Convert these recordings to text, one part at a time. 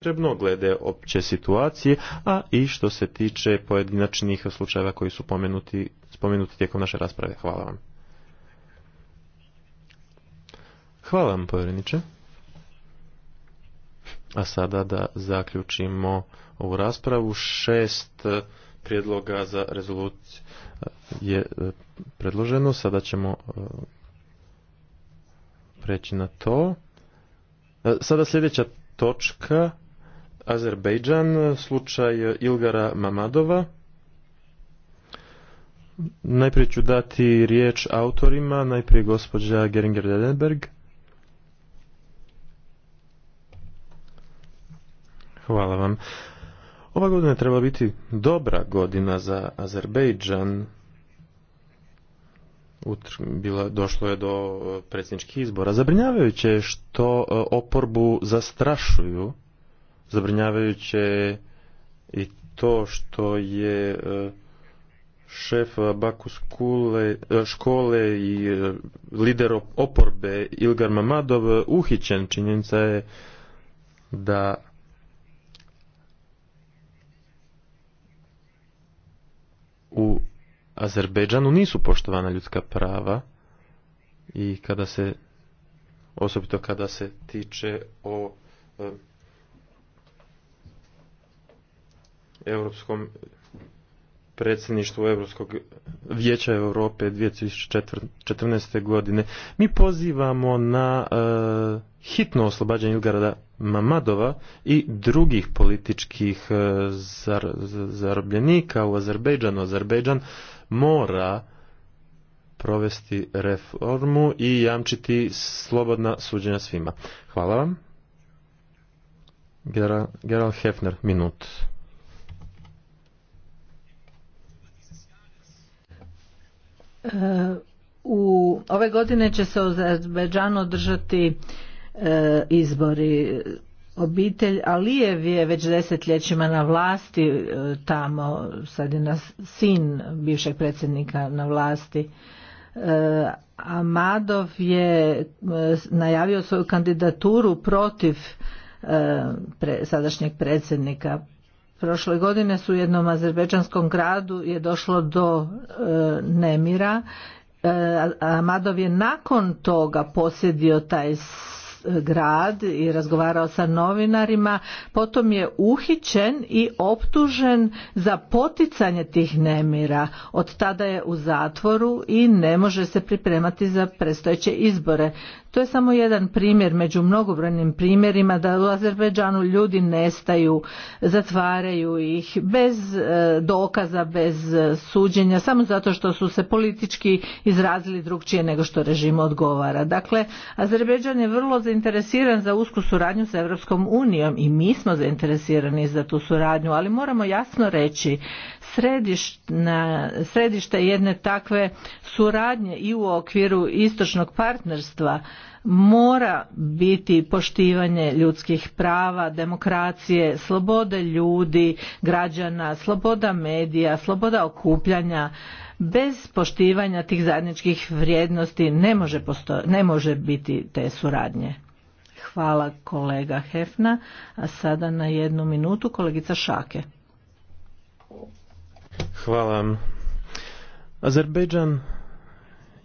potrebno glede opće situacije, a i što se tiče pojedinačnih slučajeva koji su pomenuti, spomenuti tijekom naše rasprave. Hvala vam. Hvala vam, povjereniče. A sada da zaključimo ovu raspravu. Šest e, prijedloga za rezoluciju je e, predloženo. Sada ćemo e, preći na to. Sada sljedeća točka Azerbejdžan, slučaj Ilgara Mamadova. Najprije ću dati riječ autorima, najprije gospođa Geringer Ledenberg. Hvala vam. Ova godina treba biti dobra godina za Azerbejdžan. bila, došlo je do eh, predsjedničkih izbora. Zabrinjavajuće je što eh, oporbu zastrašuju zabrinjavajuće i to što je e, šef Baku e, škole i e, lider oporbe Ilgar Mamadov uhićen. Činjenica je da u Azerbejdžanu nisu poštovana ljudska prava i kada se osobito kada se tiče o Europskom predsjedništvu Europskog vijeća Europe 2014. godine. Mi pozivamo na e, hitno oslobađanje Ilgarada Mamadova i drugih političkih e, zarobljenika u Azerbejdžanu. Azerbejdžan mora provesti reformu i jamčiti slobodna suđenja svima. Hvala vam. Geral Hefner, minut. E, u ove godine će se u Azerbejdžanu održati e, izbori obitelj Alijev je već desetljećima na vlasti e, tamo sad je sin bivšeg predsjednika na vlasti a Amadov je najavio svoju kandidaturu protiv sadašnjeg predsjednika Prošle godine su u jednom azerbeđanskom gradu je došlo do e, nemira. E, Amadov je nakon toga posjedio taj grad i razgovarao sa novinarima, potom je uhićen i optužen za poticanje tih nemira. Od tada je u zatvoru i ne može se pripremati za prestojeće izbore. To je samo jedan primjer među mnogobrojnim primjerima da u Azerbeđanu ljudi nestaju, zatvaraju ih bez e, dokaza, bez e, suđenja, samo zato što su se politički izrazili drugčije nego što režim odgovara. Dakle, Azerbeđan je vrlo zainteresiran za usku suradnju sa Europskom unijom i mi smo zainteresirani za tu suradnju, ali moramo jasno reći središte jedne takve suradnje i u okviru istočnog partnerstva mora biti poštivanje ljudskih prava, demokracije, slobode ljudi, građana, sloboda medija, sloboda okupljanja. Bez poštivanja tih zajedničkih vrijednosti ne može, ne može biti te suradnje. Hvala kolega Hefna, a sada na jednu minutu kolegica Šake. Hvala. Azerbejdžan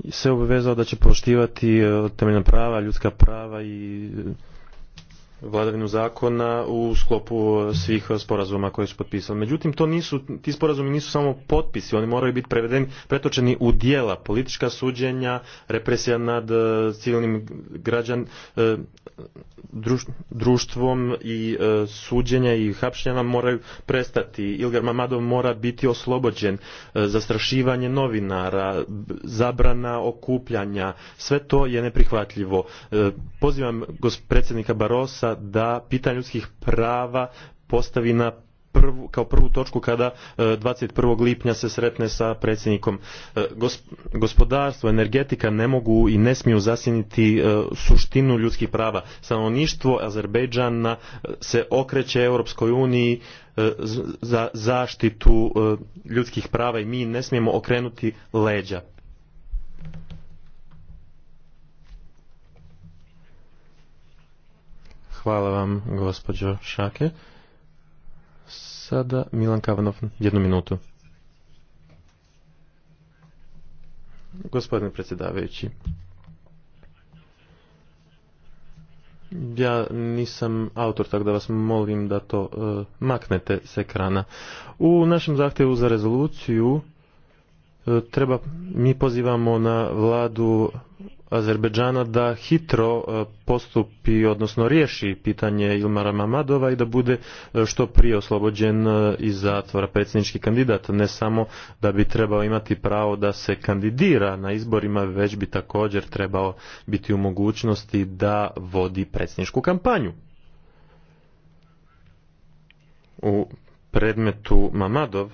se obvezao da će poštivati e, temeljna prava, ljudska prava i e, vladavinu zakona u sklopu svih sporazuma koje su potpisali. Međutim, to nisu, ti sporazumi nisu samo potpisi, oni moraju biti prevedeni, pretočeni u dijela, politička suđenja, represija nad e, civilnim građan, e, društvom i e, suđenja i hapšenja moraju prestati. Ilgar Mamadov mora biti oslobođen, zastrašivanje novinara, zabrana okupljanja, sve to je neprihvatljivo. Pozivam predsjednika Barosa da pitanje ljudskih prava postavi na prvu, kao prvu točku kada 21. E, lipnja se sretne sa predsjednikom. E, gospodarstvo, energetika ne mogu i ne smiju zasjeniti e, suštinu ljudskih prava. Stanovništvo Azerbejdžana se okreće Europskoj uniji za zaštitu ljudskih prava i mi ne smijemo okrenuti leđa. Hvala vam, gospođo Šake. Sada Milan Kavanov, jednu minutu. Gospodine predsjedavajući, ja nisam autor, tako da vas molim da to e, maknete s ekrana. U našem zahtjevu za rezoluciju e, treba, mi pozivamo na vladu Azerbejdžana da hitro e, postupi, odnosno riješi pitanje Ilmara Mamadova i da bude e, što prije oslobođen e, iz zatvora predsjednički kandidat, ne samo da bi trebao imati pravo da se kandidira na izborima, već bi također trebao biti u mogućnosti da vodi predsjedničku kampanju. U predmetu Mamadov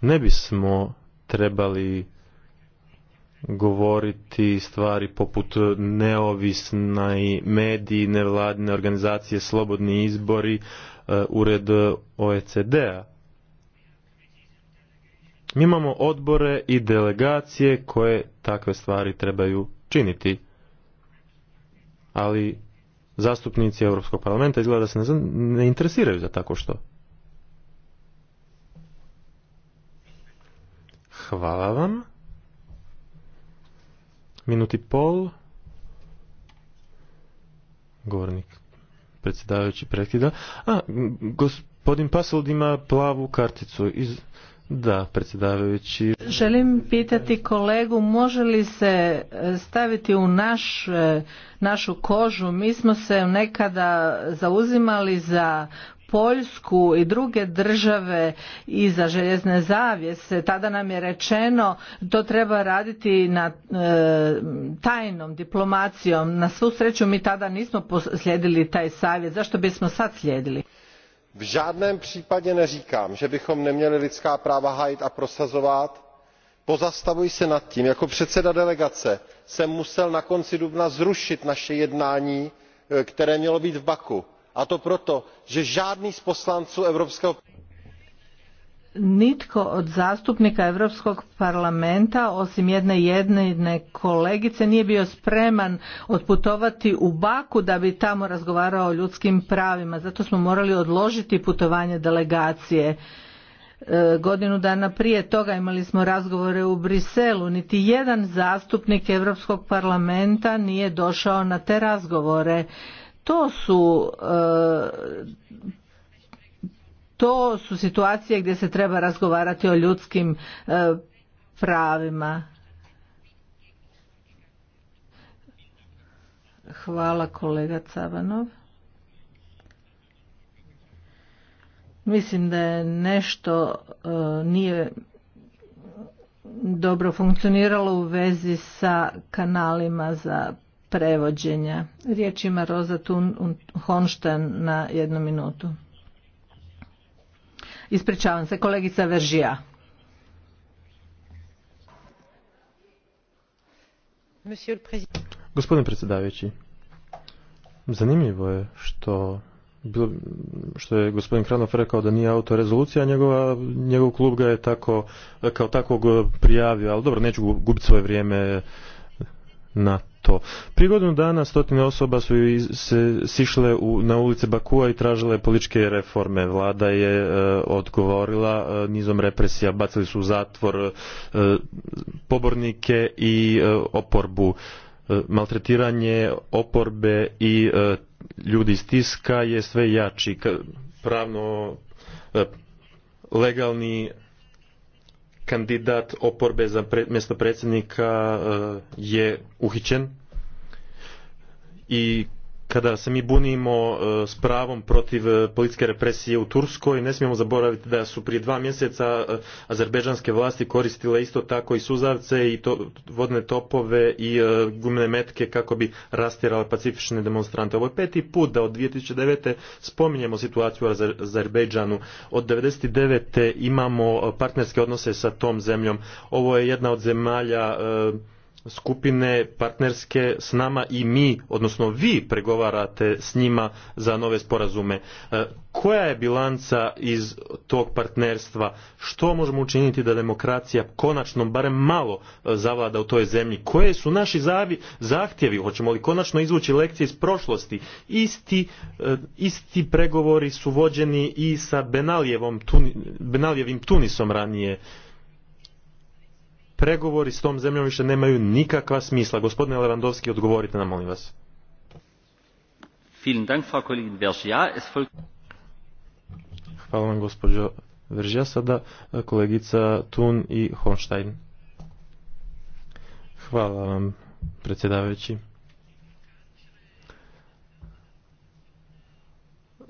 ne bismo trebali govoriti stvari poput neovisna i mediji, nevladine organizacije, slobodni izbori, e, ured OECD-a. Mi imamo odbore i delegacije koje takve stvari trebaju činiti. Ali zastupnici Europskog parlamenta izgleda da se ne, ne interesiraju za tako što. Hvala vam i pol. Govornik predsjedavajući prekida. A, gospodin Pasold ima plavu karticu iz... Da, predsjedavajući. Želim pitati kolegu, može li se e, staviti u naš, e, našu kožu? Mi smo se nekada zauzimali za Poljsku i druge države iza željezne zavjese, tada nam je rečeno to treba raditi na e, tajnom diplomacijom. Na svu sreću mi tada nismo slijedili taj savjet. Zašto bismo sad slijedili? V žádném případě neříkám, že bychom neměli lidská práva hájit a prosazovat. Pozastavuji se nad tím. Jako předseda delegace jsem musel na konci dubna zrušit naše jednání, e, které mělo být v Baku a to proto že žádný z poslanců evropského Nitko od zastupnika Europskog parlamenta osim jedne jedne kolegice nije bio spreman otputovati u Baku da bi tamo razgovarao o ljudskim pravima. Zato smo morali odložiti putovanje delegacije e, godinu dana prije toga imali smo razgovore u Briselu, niti jedan zastupnik Europskog parlamenta nije došao na te razgovore to su e, to su situacije gdje se treba razgovarati o ljudskim e, pravima Hvala kolega Cabanov. Mislim da je nešto e, nije dobro funkcioniralo u vezi sa kanalima za prevođenja. Riječ ima Roza Thun na jednu minutu. Ispričavam se, kolegica Veržija. Gospodine predsjedavajući, zanimljivo je što što je gospodin Kranov rekao da nije auto rezolucija, njegova, njegov klub ga je tako, kao takvog prijavio, ali dobro, neću gubiti svoje vrijeme na to. Prije godinu dana stotine osoba su se sišle na ulice Bakua i tražile političke reforme. Vlada je e, odgovorila e, nizom represija, bacili su u zatvor e, pobornike i oporbu. Maltretiranje oporbe i ljudi iz tiska je sve jači. Pravno legalni kandidat oporbe za mjesto predsjednika e, je uhićen i kada se mi bunimo e, s pravom protiv e, policijske represije u Turskoj, ne smijemo zaboraviti da su prije dva mjeseca e, azerbeđanske vlasti koristile isto tako i suzavce i to, vodne topove i gumne metke kako bi rastirale pacifične demonstrante. Ovo je peti put da od 2009. spominjemo situaciju u Azerbejdžanu. Od 1999. imamo partnerske odnose sa tom zemljom. Ovo je jedna od zemalja skupine partnerske s nama i mi, odnosno vi pregovarate s njima za nove sporazume. E, koja je bilanca iz tog partnerstva? Što možemo učiniti da demokracija konačno barem malo e, zavlada u toj zemlji? Koje su naši zavi, zahtjevi? Hoćemo li konačno izvući lekcije iz prošlosti? Isti, e, isti pregovori su vođeni i sa Benalijevom, Benalijevim Tunisom ranije pregovori s tom zemljom više nemaju nikakva smisla. Gospodine Levandovski, odgovorite nam, molim vas. Hvala vam, gospođo Veržija. Sada eh, kolegica Tun i Hornstein. Hvala vam, predsjedavajući.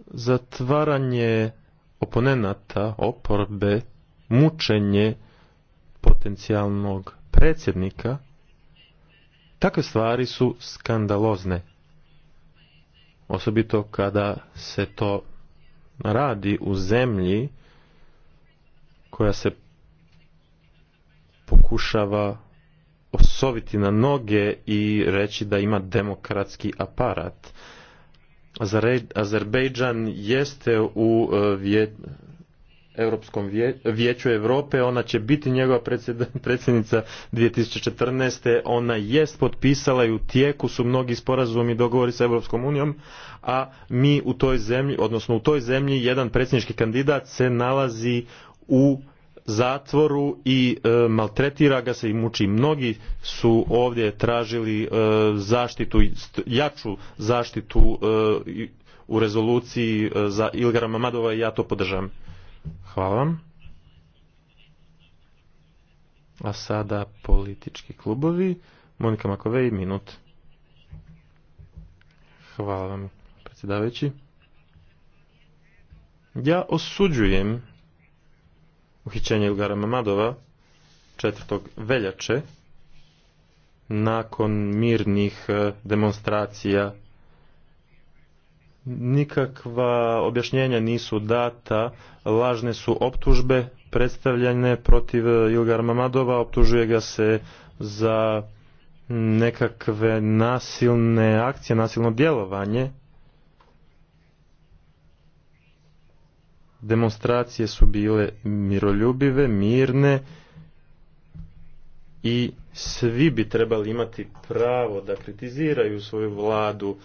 Zatvaranje oponenata, oporbe, mučenje, potencijalnog predsjednika, takve stvari su skandalozne. Osobito kada se to radi u zemlji koja se pokušava osoviti na noge i reći da ima demokratski aparat. Azerbejdžan jeste u, e, Europskom vijeću Europe, ona će biti njegova predsjednica 2014. Ona jest potpisala i u tijeku su mnogi sporazumi i dogovori sa Europskom unijom, a mi u toj zemlji, odnosno u toj zemlji jedan predsjednički kandidat se nalazi u zatvoru i e, maltretira ga se i muči. Mnogi su ovdje tražili e, zaštitu, jaču zaštitu e, u rezoluciji e, za Ilgara Mamadova i ja to podržavam. Hvala vam. A sada politički klubovi. Monika Makovej, minut. Hvala vam, predsjedavajući. Ja osuđujem uhićenje Ilgara Mamadova 4. veljače nakon mirnih eh, demonstracija nikakva objašnjenja nisu data, lažne su optužbe predstavljene protiv Ilgar Mamadova, optužuje ga se za nekakve nasilne akcije, nasilno djelovanje. Demonstracije su bile miroljubive, mirne i svi bi trebali imati pravo da kritiziraju svoju vladu,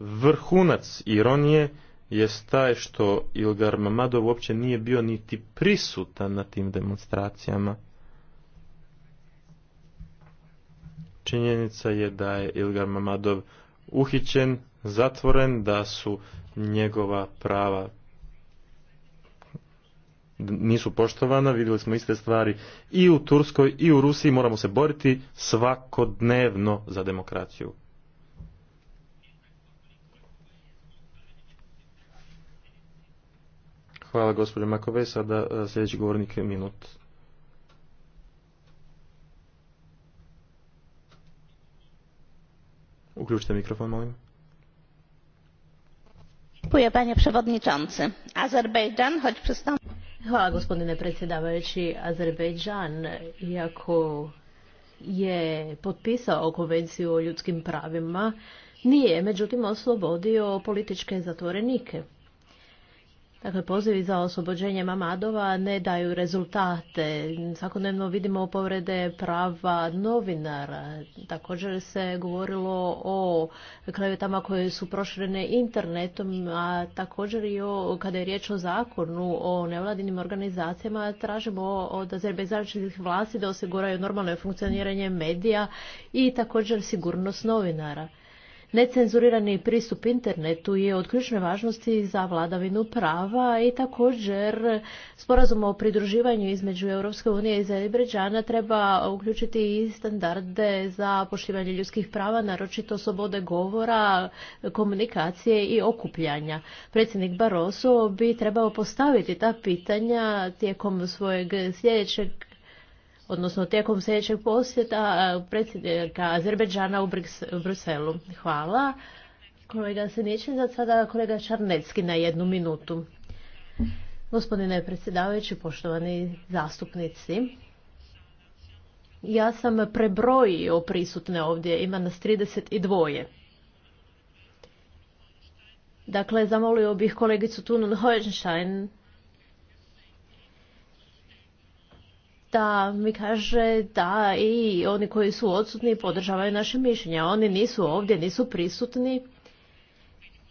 Vrhunac ironije je taj što Ilgar Mamadov uopće nije bio niti prisutan na tim demonstracijama. Činjenica je da je Ilgar Mamadov uhićen, zatvoren, da su njegova prava nisu poštovana, vidjeli smo iste stvari i u Turskoj i u Rusiji, moramo se boriti svakodnevno za demokraciju. Hvala gospođo Makove, sada e, sljedeći govornik je minut. Uključite mikrofon, molim. przewodniczący. Hvala gospodine predsjedavajući. Azerbejdžan, iako je potpisao konvenciju o ljudskim pravima, nije međutim oslobodio političke zatvorenike. Dakle, pozivi za oslobođenje Mamadova ne daju rezultate. Svakodnevno vidimo povrede prava novinara. Također se govorilo o klevetama koje su proširene internetom, a također i o, kada je riječ o zakonu o nevladinim organizacijama, tražimo od azerbejdžanskih vlasti da osiguraju normalno funkcioniranje medija i također sigurnost novinara. Necenzurirani pristup internetu je od ključne važnosti za vladavinu prava i također sporazum o pridruživanju između Europske unije i Azerbejdžana treba uključiti i standarde za poštivanje ljudskih prava, naročito slobode govora, komunikacije i okupljanja. Predsjednik Barroso bi trebao postaviti ta pitanja tijekom svojeg sljedećeg odnosno tijekom sljedećeg posjeta predsjednika Azerbeđana u Briselu. Hvala. Kolega Sinićin, za sada kolega Čarnecki na jednu minutu. Gospodine predsjedavajući, poštovani zastupnici, ja sam prebrojio prisutne ovdje, ima nas 32. Dakle, zamolio bih kolegicu Tunun Hohenstein da mi kaže da i oni koji su odsutni podržavaju naše mišljenje. Oni nisu ovdje, nisu prisutni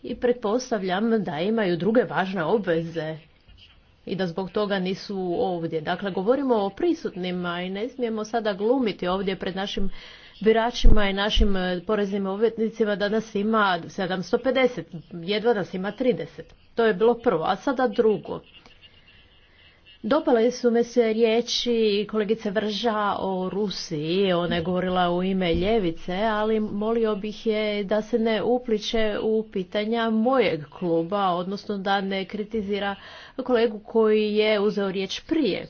i pretpostavljam da imaju druge važne obveze i da zbog toga nisu ovdje. Dakle, govorimo o prisutnima i ne smijemo sada glumiti ovdje pred našim biračima i našim poreznim uvjetnicima da nas ima 750, jedva nas ima 30. To je bilo prvo, a sada drugo. Dopale su me se riječi kolegice Vrža o Rusiji, ona je govorila u ime Ljevice, ali molio bih je da se ne upliče u pitanja mojeg kluba, odnosno da ne kritizira kolegu koji je uzeo riječ prije.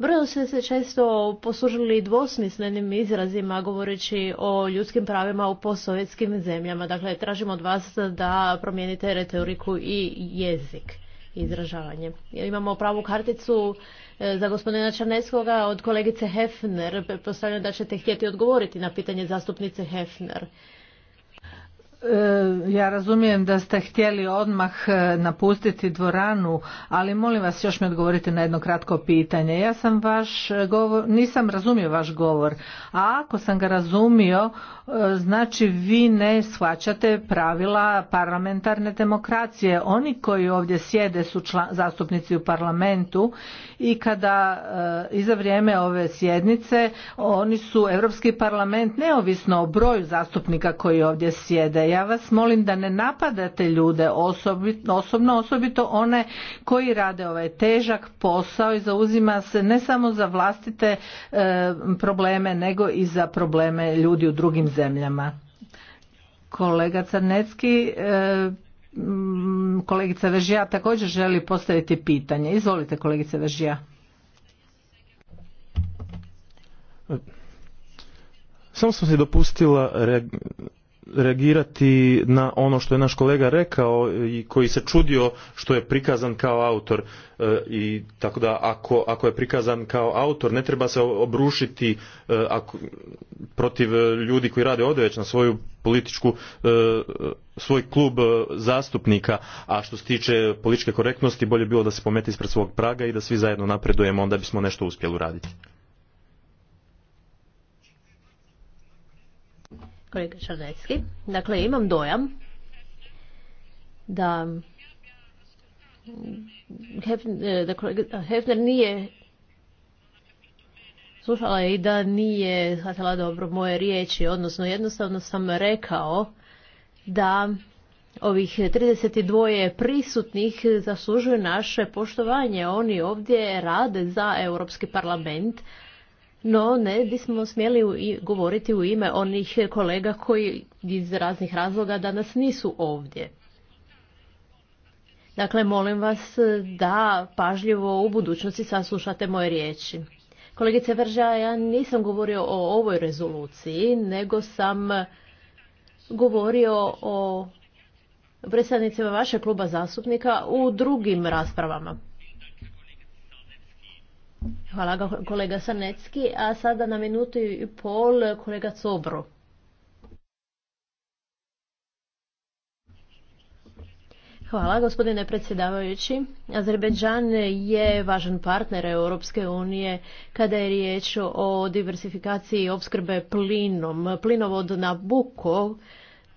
Vrlo ste se često poslužili dvosmislenim izrazima govoreći o ljudskim pravima u postsovjetskim zemljama. Dakle, tražimo od vas da promijenite retoriku i jezik izražavanje. Imamo pravu karticu e, za gospodina Čarneskoga od kolegice Hefner. Postavljam da ćete htjeti odgovoriti na pitanje zastupnice Hefner. E, ja razumijem da ste htjeli odmah e, napustiti dvoranu, ali molim vas još mi odgovorite na jedno kratko pitanje. Ja sam vaš e, govor, nisam razumio vaš govor, a ako sam ga razumio, znači vi ne shvaćate pravila parlamentarne demokracije. Oni koji ovdje sjede su zastupnici u parlamentu i kada i za vrijeme ove sjednice oni su Europski parlament neovisno o broju zastupnika koji ovdje sjede ja vas molim da ne napadate ljude osobno, osobito one koji rade ovaj težak posao i zauzima se ne samo za vlastite e, probleme, nego i za probleme ljudi u drugim zemljama. Kolega Carnecki, e, kolegica Vežija također želi postaviti pitanje. Izvolite kolegice Vežija. Samo sam se dopustila reagirati na ono što je naš kolega rekao i koji se čudio što je prikazan kao autor e, i tako da ako, ako je prikazan kao autor ne treba se obrušiti e, ako, protiv ljudi koji rade ovdje već na svoju političku e, svoj klub zastupnika a što se tiče političke korektnosti bolje bilo da se pomete ispred svog praga i da svi zajedno napredujemo onda bismo nešto uspjeli uraditi kolega Dakle, imam dojam da e, Hefner, nije slušala i da nije shvatila dobro moje riječi, odnosno jednostavno sam rekao da ovih 32 prisutnih zaslužuju naše poštovanje. Oni ovdje rade za Europski parlament, no ne bismo smjeli govoriti u ime onih kolega koji iz raznih razloga danas nisu ovdje. Dakle, molim vas da pažljivo u budućnosti saslušate moje riječi. Kolegice Vrža, ja nisam govorio o ovoj rezoluciji, nego sam govorio o predstavnicima vašeg kluba zastupnika u drugim raspravama. Hvala kolega Sarnecki. A sada na minutu i pol kolega Cobro. Hvala, gospodine predsjedavajući. Azerbejdžan je važan partner Europske unije kada je riječ o diversifikaciji opskrbe plinom. Plinovod buko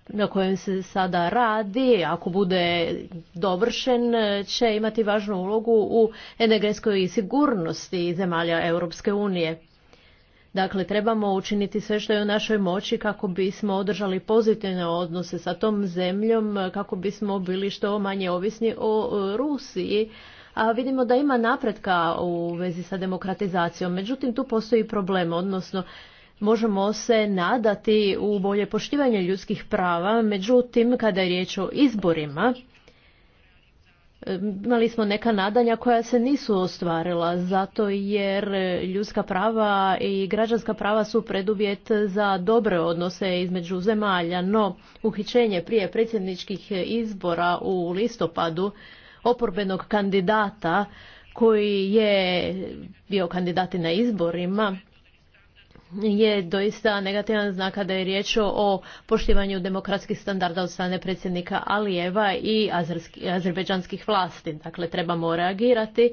na kojem se sada radi, ako bude dovršen, će imati važnu ulogu u energetskoj sigurnosti zemalja Europske unije. Dakle, trebamo učiniti sve što je u našoj moći kako bismo održali pozitivne odnose sa tom zemljom, kako bismo bili što manje ovisni o e, Rusiji. A vidimo da ima napretka u vezi sa demokratizacijom. Međutim, tu postoji problem, odnosno možemo se nadati u bolje poštivanje ljudskih prava, međutim kada je riječ o izborima, imali smo neka nadanja koja se nisu ostvarila zato jer ljudska prava i građanska prava su preduvjet za dobre odnose između zemalja, no uhićenje prije predsjedničkih izbora u listopadu oporbenog kandidata koji je bio kandidati na izborima je doista negativan znak kada je riječ o poštivanju demokratskih standarda od strane predsjednika Alijeva i Azerbajdžanskih vlasti. Dakle, trebamo reagirati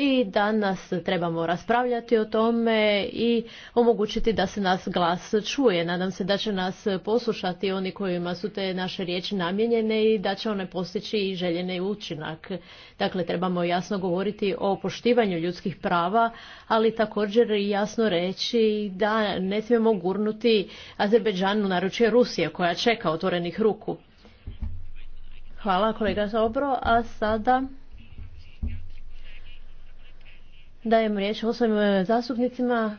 i danas trebamo raspravljati o tome i omogućiti da se nas glas čuje. Nadam se da će nas poslušati oni kojima su te naše riječi namijenjene i da će one postići i željeni učinak. Dakle, trebamo jasno govoriti o poštivanju ljudskih prava, ali također i jasno reći da ne smijemo gurnuti Azerbeđanu naručje Rusije koja čeka otvorenih ruku. Hvala kolega Zobro, a sada Dajem riječ osam e, zastupnicima.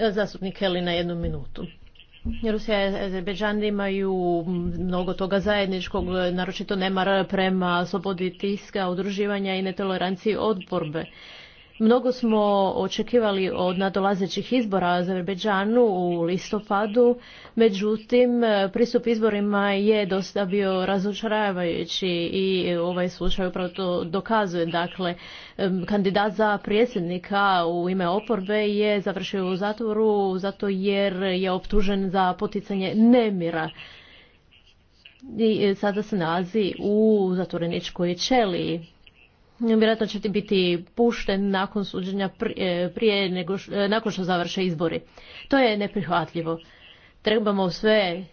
E, zastupnik Heli na jednu minutu. Rusija i Azerbejdžan imaju mnogo toga zajedničkog, naročito nemar prema slobodi tiska, udruživanja i netoleranciji odborbe. Mnogo smo očekivali od nadolazećih izbora za Azerbejdžanu u listopadu, međutim pristup izborima je dosta bio razočaravajući i ovaj slučaj upravo to dokazuje. Dakle, kandidat za predsjednika u ime oporbe je završio u zatvoru zato jer je optužen za poticanje nemira i e, sada se nalazi u zatvoreničkoj ćeliji vjerojatno će biti pušten nakon suđenja e, prije, nego e, nakon što završe izbori. To je neprihvatljivo. Trebamo sve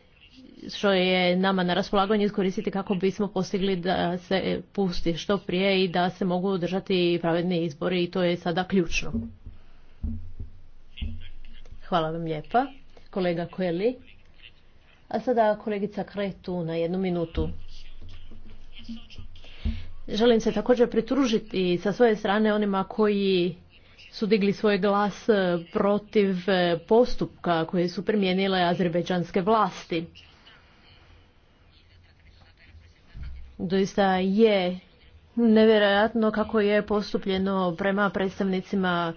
što je nama na raspolaganju iskoristiti kako bismo postigli da se pusti što prije i da se mogu održati pravedni izbori i to je sada ključno. Hvala vam lijepa. Kolega Koeli. A sada kolegica Kretu na jednu minutu. Želim se također pritružiti sa svoje strane onima koji su digli svoj glas e, protiv e, postupka koje su primijenile azerbejdžanske vlasti. Doista je nevjerojatno kako je postupljeno prema predstavnicima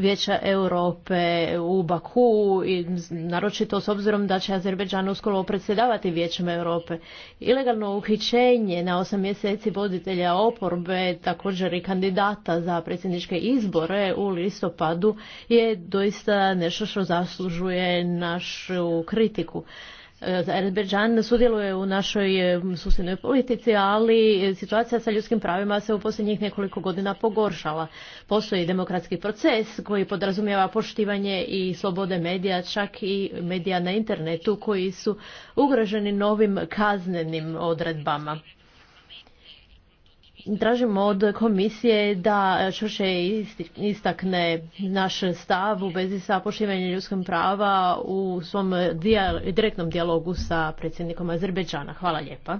Vijeća Europe u Baku i naročito s obzirom da će Azerbeđan uskoro predsjedavati Vijećem Europe. Ilegalno uhićenje na osam mjeseci voditelja oporbe, također i kandidata za predsjedničke izbore u listopadu je doista nešto što zaslužuje našu kritiku. E, Azerbejdžan sudjeluje u našoj e, susjednoj politici, ali situacija sa ljudskim pravima se u posljednjih nekoliko godina pogoršala. Postoji demokratski proces koji podrazumijeva poštivanje i slobode medija, čak i medija na internetu koji su ugroženi novim kaznenim odredbama tražimo od komisije da čvrše istakne naš stav u vezi sa poštivanjem ljudskih prava u svom direktnom dijalogu sa predsjednikom Azerbejdžana. Hvala lijepa.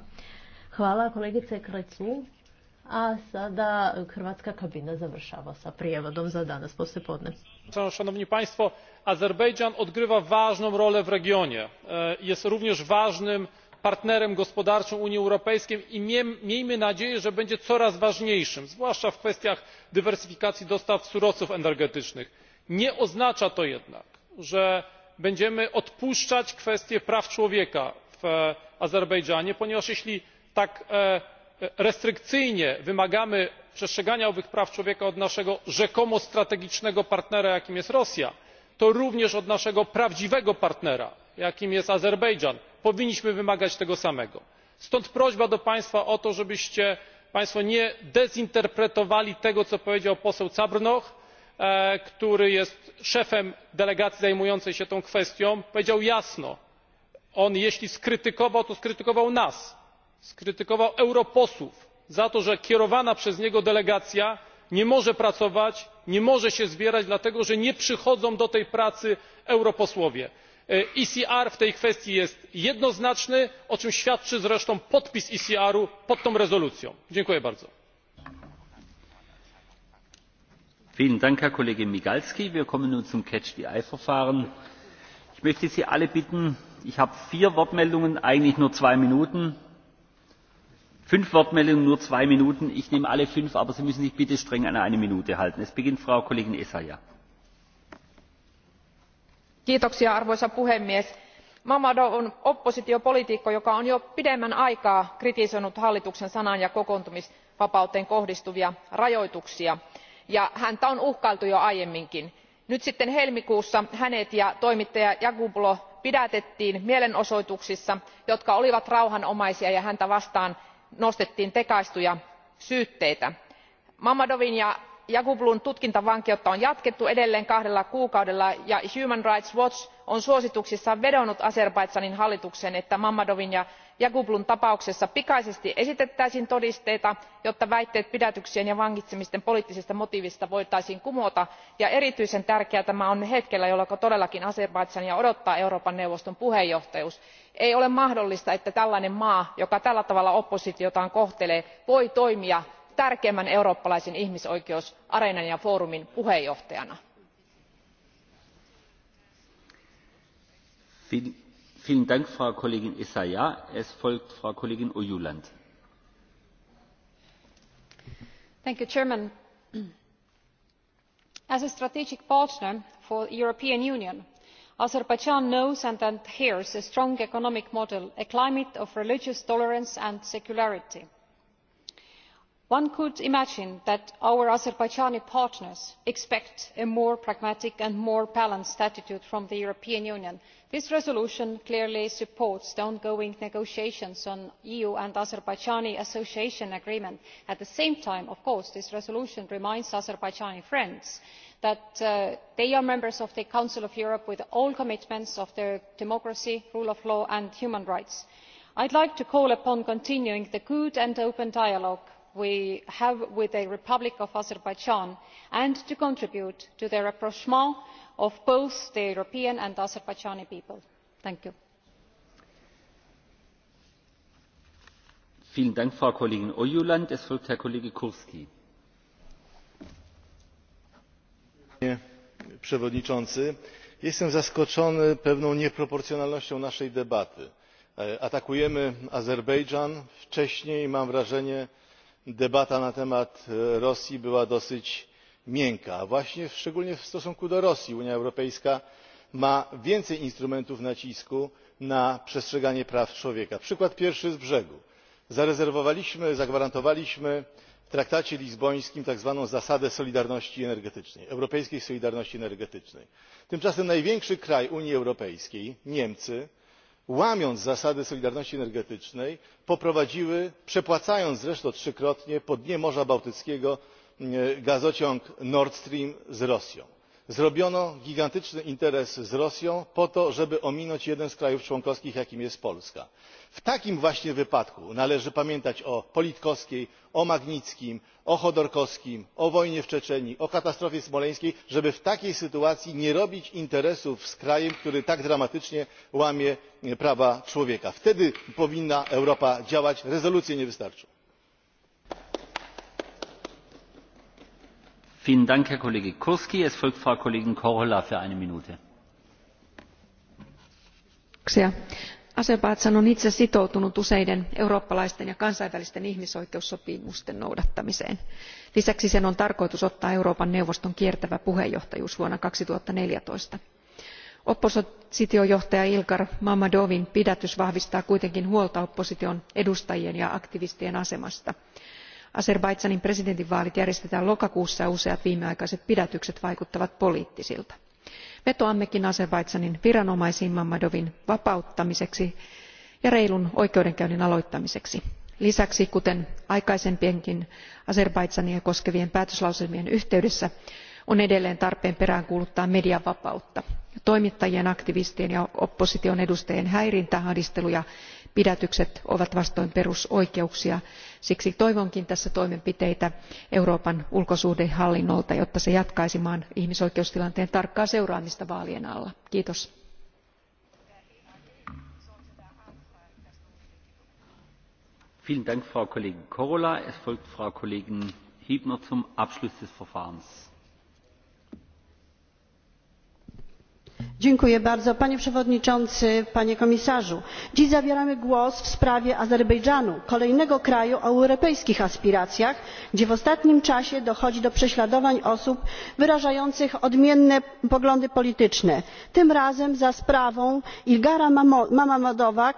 Hvala kolegice Krecu. A sada hrvatska kabina završava sa prijevodom za danas poslijepodne. panjstvo Państwo, odgriva važnom role rolę w e, Je se również važnim partnerem gospodarczym unii europejskiej i miejmy nadzieję że będzie coraz ważniejszym zwłaszcza w kwestiach dywersyfikacji dostaw surowców energetycznych. nie oznacza to jednak że będziemy odpuszczać kwestie praw człowieka w azerbejdżanie ponieważ jeśli tak e, restrykcyjnie wymagamy przestrzegania owych praw człowieka od naszego rzekomo strategicznego partnera jakim jest rosja to również od naszego prawdziwego partnera jakim jest azerbejdżan powinniśmy wymagać tego samego. stąd prośba do państwa o to żebyście państwo nie dezinterpretowali tego co powiedział poseł cabrnoch e, który jest szefem delegacji zajmującej się tą kwestią. powiedział jasno on jeśli skrytykował to skrytykował nas skrytykował europosłów za to że kierowana przez niego delegacja nie może pracować nie może się zbierać dlatego że nie przychodzą do tej pracy europosłowie ecr e w tej kwestii jest jednoznaczny o czym świadczy zresztą podpis ecr pod tą rezolucją. dziękuję bardzo. herr kollege migalski! wir kommen nun zum catch the eye verfahren. ich möchte sie alle bitten ich habe vier wortmeldungen eigentlich nur zwei minuten fünf wortmeldungen nur zwei minuten. ich nehme alle fünf aber sie müssen sich bitte streng an eine minute halten. es beginnt frau kollegin Esaja arvoisa puhemies Mamadov on oppositiopoliitikko joka on jo pidemmän aikaa kritisoinut hallituksen sanan ja kokoontumisvapauteen kohdistuvia rajoituksia ja häntä on uhkailtu jo aiemminkin. nyt sitten helmikuussa hänet ja toimittaja yaqublu pidätettiin mielenosoituksissa jotka olivat rauhanomaisia ja häntä vastaan nostettiin tekaistuja syytteitä. mammadovin ja yaqublun tutkintavankeutta on jatkettu edelleen kahdella kuukaudella ja human rights watch on suosituksissaan vedonnut azerbaidanin hallitukseen että mammadovin ja yaqublun tapauksessa pikaisesti esitettäisiin todisteita jotta väitteet pidätyksien ja vangitsemisten poliittisista motiivista voitaisiin kumota ja erityisen tärkeää tämä on hetkellä jolloin todellakin azerbaidania odottaa euroopan neuvoston puheenjohtajuus. ei ole mahdollista että tällainen maa joka tällä tavalla oppositiotaan kohtelee voi toimia tärkeimmän eurooppalaisen ihmisoikeusareenan ja foorumin puheenjohtajana. president as a strategic partner for the european union azerbaijan knows and adheres to a strong economic model a climate of religious tolerance and secularity one could imagine that our azerbaijani partners expect a more pragmatic and more balanced attitude from the european union. this resolution clearly supports the ongoing negotiations on the eu and azerbaijani association agreement. at the same time of course this resolution reminds azerbaijani friends that uh, they are members of the council of europe with all commitments of their democracy rule of law and human rights. i would like to call upon continuing the good and open dialogue we have with the republic of azerbaijan and to contribute to the rapprochement of both the european and azerbaijani people. thank you. panie przewodniczący! jestem zaskoczony pewną nieproporcjonalnością naszej debaty. E, atakujemy azerbejdżan wcześniej mam wrażenie debata na temat e, rosji była dosyć miękka a właśnie szczególnie w stosunku do rosji unia europejska ma więcej instrumentów nacisku na przestrzeganie praw człowieka. przykład pierwszy z brzegu zarezerwowaliśmy zagwarantowaliśmy w traktacie lizbońskim tak zwaną zasadę solidarności energetycznej europejskiej solidarności energetycznej. tymczasem największy kraj unii europejskiej niemcy łamiąc zasadę solidarności energetycznej poprowadziły przepłacając zresztą trzykrotnie po dnie morza bałtyckiego mm, gazociąg nord stream z rosją zrobiono gigantyczny interes z rosją po to żeby ominąć jeden z krajów członkowskich jakim jest polska. w takim właśnie wypadku należy pamiętać o politkowskiej o magnickim o chodorkowskim o wojnie w czeczenii o katastrofie smoleńskiej żeby w takiej sytuacji nie robić interesów z krajem który tak dramatycznie łamie prawa człowieka. wtedy powinna europa działać rezolucje nie wystarczą. Dank, on itse sitoutunut useiden eurooppalaisten ja kansainvälisten ihmisoikeussopimusten noudattamiseen. Lisäksi sen on tarkoitus ottaa Euroopan neuvoston kiertävä puheenjohtajuus vuonna 2014 oppositiojohtaja ilgar mammadovin pidätys vahvistaa kuitenkin huolta opposition edustajien ja aktivistien asemasta azerbaidanin presidentinvaalit järjestetään lokakuussa ja useat viimeaikaiset pidätykset vaikuttavat poliittisilta. vetoammekin azerbaidanin viranomaisiin mammadovin vapauttamiseksi ja reilun oikeudenkäynnin aloittamiseksi. lisäksi kuten aikaisempienkin azerbaidania koskevien päätöslauselmien yhteydessä on edelleen tarpeen peräänkuuluttaa median vapautta. toimittajien aktivistien ja opposition edustajien häirintä ahdistelu ja pidätykset ovat vastoin perusoikeuksia siksi toivonkin tässä toimenpiteitä euroopan ulkosuhdehallinnolta jotta se jatkaisi maan ihmisoikeustilanteen tarkkaa seuraamista vaalien alla. kiitos. zum abschluss des panie przewodniczący panie komisarzu! dziś zabieramy głos w sprawie azerbejdżanu kolejnego kraju o europejskich aspiracjach gdzie w ostatnim czasie dochodzi do prześladowań osób wyrażających odmienne poglądy polityczne tym razem za sprawą ilgara mamamadowa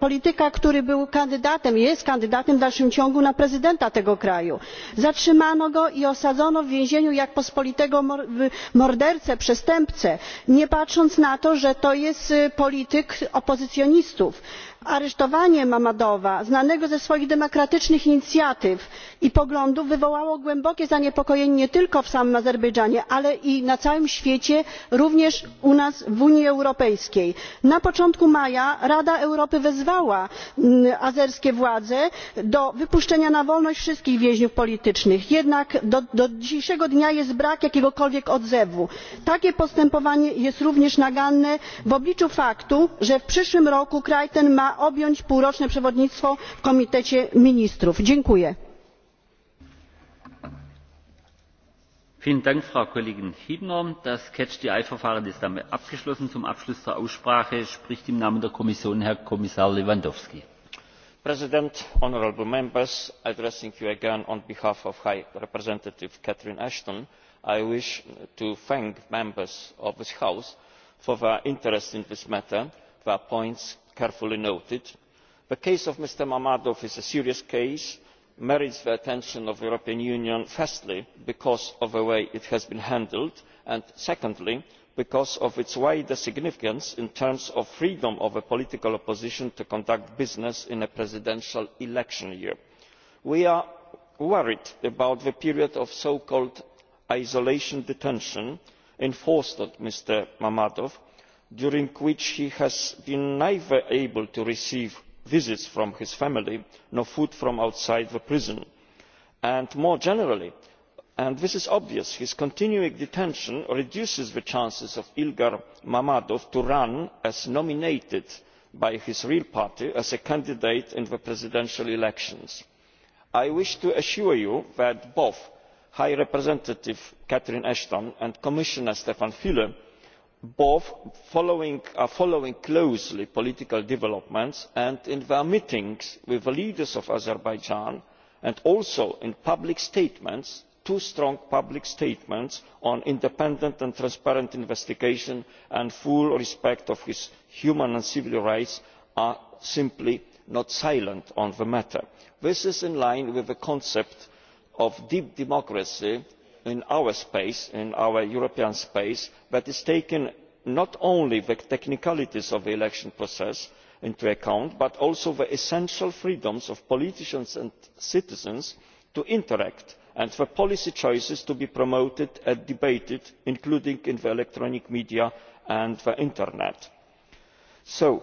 polityka który był kandydatem i jest kandydatem w dalszym ciągu na prezydenta tego kraju. zatrzymano go i osadzono w więzieniu jak pospolitego mordercę przestępcę nie patrząc patrząc na to że to jest polityk opozycjonistów aresztowanie mammadowa znanego ze swoich demokratycznych inicjatyw i poglądów wywołało głębokie zaniepokojenie nie tylko w samym azerbejdżanie ale i na całym świecie również u nas w unii europejskiej. na początku maja rada europy wezwała mm, azerskie władze do wypuszczenia na wolność wszystkich więźniów politycznych jednak do dzisiejszego dnia jest brak jakiegokolwiek odzewu. takie postępowanie jest również naganne w obliczu faktu że w przyszłym roku kraj ten ma objąć półroczne przewodnictwo w komitecie ministrów. dziękuję. Dank, frau kollegin hübner. das catch the eye ist damit abgeschlossen. zum abschluss der aussprache spricht im namen der kommission herr kommissar lewandowski. president honourable members addressing you again on behalf of high representative catherine ashton i wish to thank members of this house for their interest in this matter their points carefully noted. the case of mr mammadov is a serious case merits the attention of the european union firstly because of the way it has been handled and secondly because of its wider significance in terms of freedom of a political opposition to conduct business in a presidential election year. we are worried about the period of so called isolation detention enforced on mr mammadov during which he has been neither able to receive visits from his family nor food from outside the prison and more generally and this is obvious his continuing detention reduces the chances of ilgar mammadov to run as nominated by his real party as a candidate in the presidential elections. i wish to assure you that both high representative catherine ashton and commissioner stefan fle both are uh, following closely political developments and in their meetings with the leaders of azerbaijan and also in public statements two strong public statements on independent and transparent investigation and full respect of human and civil rights are simply not silent on the matter. this is in line with the concept of deep democracy' in our space in our european space that is taking not only the technicalities of the election process into account but also the essential freedoms of politicians and citizens to interact and for policy choices to be promoted and debated including in the electronic media and the internet. so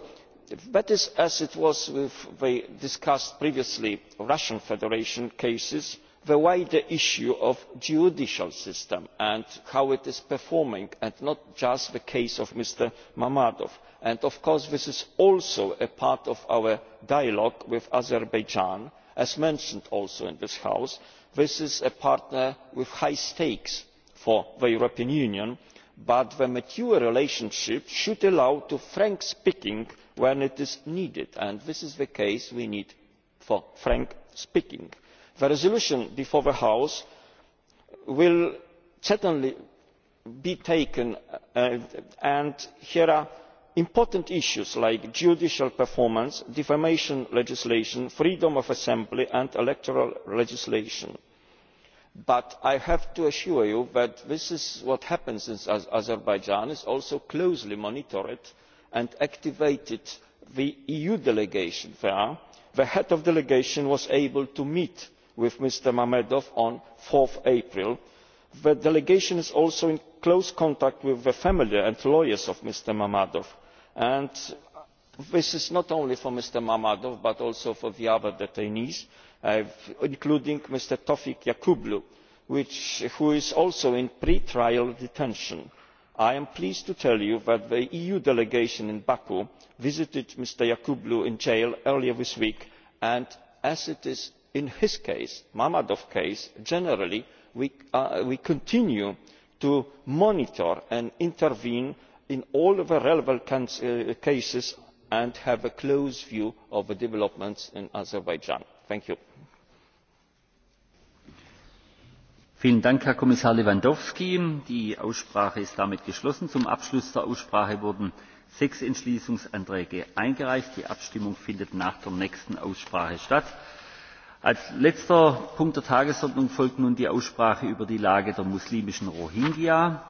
that is as it was with the discussed previously russian federation cases the wider issue of the judicial system and how it is performing and not just the case of mr mammadov. of course this is also a part of our dialogue with azerbaijan. as mentioned also in this house this is a partner with high stakes for the european union but the mature relationship should allow for frank speaking when it is needed and this is the case we need for frank speaking the resolution before the house will certainly be taken uh, and here are important issues like judicial performance defamation legislation freedom of assembly and electoral legislation but i have to assure you that what happens in azerbaijan is also closely monitored and activated the eu delegation there. the head of delegation was able to meet with mr mammadov on four april. the delegation is also in close contact with the family and lawyers of mr mammadov and this is not only for mr mammadov but also for the other detainees uh, including mr tofik yaqublu who is also in pre trial detention. i am pleased to tell you that the eu delegation in baku visited mr Yakublu in jail earlier this week and as it is in his case the mammadov case generally uh, we continue to monitor and intervene in all the relevant uh, cases and have a close view of the developments in azerbaijan. thank you. herr kommissar lewandowski! die aussprache ist damit geschlossen. zum abschluss der aussprache wurden sechs entschließungsanträge eingereicht. die abstimmung findet nach der nächsten aussprache statt als letzter punkt der tagesordnung folgt nun die aussprache über die lage der muslimischen rohingya.